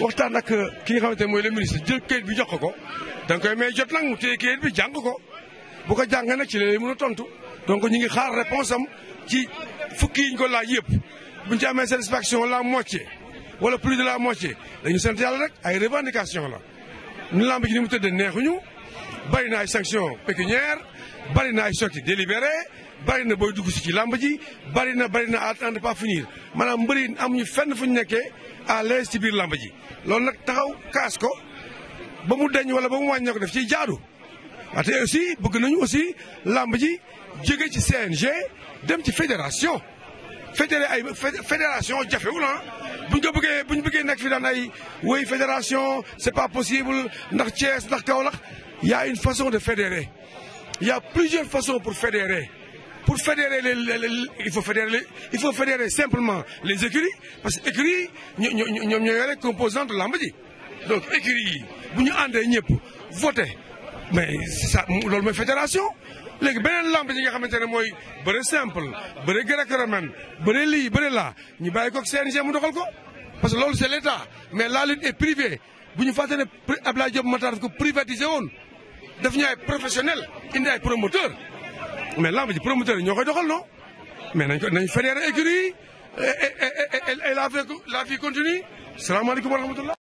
waxtaan ak euh, ki nga xamante ne mooy le ministre jël kayit bi jox ko ko da nga koy may jot nag mu téye kayit bi jàng ko bu ko jàng nag ci la lay mën a tontu donc ñu ngi xaar réponse am ci fukki yi ñu ko laaj yëpp buñ ci amee satisfaction la moitié wala plus de la moitié dañu sant yàlla rek ay revendication la ñu lamb ci ni mu tëddee neexuñu. bari na ay sanction pécuniaire bari na ay sortie délibérée bari na booy dugg ci lamb ji bari na bari na à pas finir maanaam mbëri amuñu fenn fu ñu à l'est ci biir lamb ji lool nak taxaw kaas ba mu deñ wala ba mu wàññeeku def ci jaadu ate aussi bëgg nañu aussi lamb ji jóge ci CNG dem ci fédération fédéré ay fédération jafewul hein ah. bu ñu ko bëggé bu ñu fi daan ay woy fédération c'est pas possible ndax Thiès ndax Kaolack il y a une façon de fédérer. Il y a plusieurs façons pour fédérer. Pour fédérer, les, les, les, il, faut fédérer il faut fédérer simplement les écuries, parce que écuries, nous sommes les composantes de l'ambadi. Donc, écuries, nous avons voter. Mais ça, nous avons une fédération. les beneen lamb yi nga xamante ne mooy bëre simple bëre grec-romaine bëre lii bëre laa ñu bàyyi ko CNG mu doxal ko parce que loolu c'est l'État mais la lutte est privée bu ñu fàtte ne Abdoulaye Diop Matar ko privatisé daf ñu ay professionnel indi ay promoteur mais lamb ji promoteur yi ñoo koy doxal non mais nañ ko nañ fédéré écurie yi et la vie la vie continue salaamaaleykum wa rahmatullah